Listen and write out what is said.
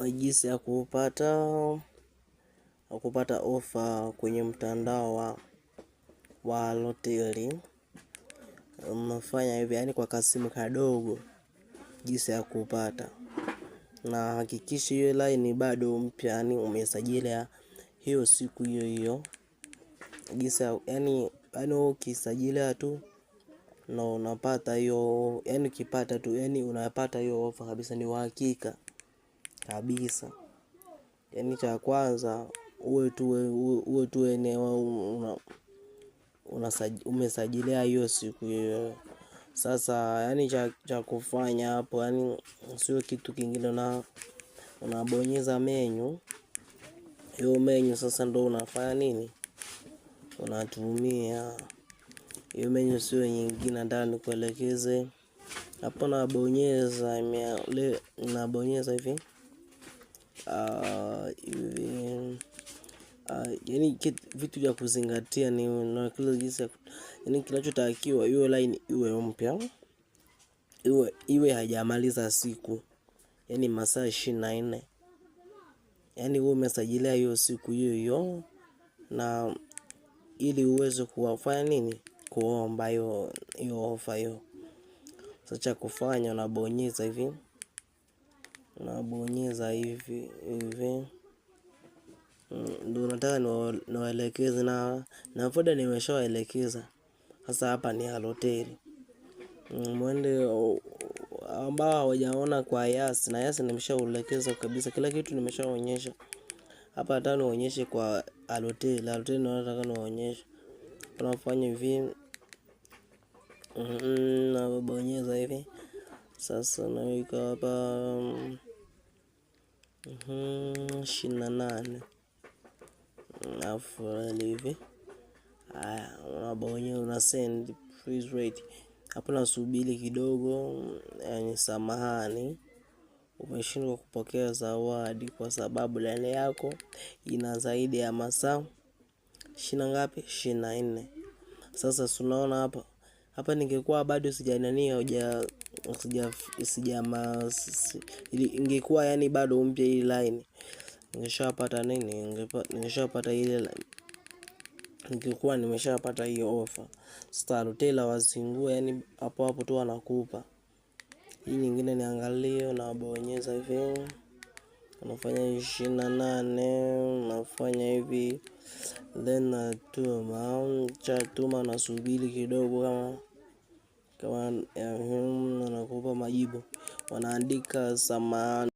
jinsi ya kupata ya kupata ofa kwenye mtandao wa, wa loteli. Mnafanya hivi yani kwa kasimu kadogo, jinsi ya kupata na hakikisha hiyo line bado mpya, yani umesajili hiyo siku hiyo hiyo, jinsi yani yani ukisajili tu na unapata hiyo yani ukipata tu yani unapata hiyo ofa kabisa, ni uhakika kabisa. yani cha kwanza uwe tu eneo umesajilia hiyo siku hiyo. Sasa yani cha kufanya hapo, yani sio kitu kingine, na unabonyeza menyu. Hiyo menyu sasa ndo unafanya nini, unatumia hiyo menyu, sio nyingine ndani kuelekeze hapo, nabonyeza nabonyeza hivi hivi uh, uh, yani vitu vya kuzingatia ni na kile jinsi yani, kinachotakiwa hiyo line iwe mpya, iwe iwe hajamaliza siku yani masaa ishirini na nne yani wewe umesajilia hiyo siku hiyo hiyo, na ili uweze kuwafanya nini, kuomba hiyo hiyo ofa hiyo. sacha cha kufanya unabonyeza hivi nabonyeza hivi hivi ndio nataka niwaelekeze na na foda nimeshawaelekeza sasa hapa ni haloteli mwende ambao hawajaona kwa yasi na yasi, nimeshaelekeza kabisa kila kitu nimeshaonyesha hapa nataka niwaonyeshe kwa haloteli haloteli nataka niwaonyeshe tunafanya hivi mm-hmm, nabonyeza hivi sasa naweka hapa mhm, ishirini na nane alafu hivi haya, unaba wenyewe una send freeze rate hapo, nasubiri kidogo. Yani samahani, umeshindwa kupokea zawadi kwa sababu laini yako ina zaidi ya masaa ishirini na ngapi? ishirini na nne. Sasa sunaona hapa hapa ningekuwa bado sija nani hoja sija sija ingekuwa yani bado mpya hii line ningeshapata nini, ningeshapata ile ningekuwa nimeshapata hiyo ofa. Star Hotel wazingua yani hapo hapo tu anakupa hii nyingine. Niangalie na bonyeza hivyo unafanya ishirini na nane unafanya hivi then natuma chatuma, nasubiri kidogo kama kama eh, hmm, anakupa majibu, wanaandika samahani.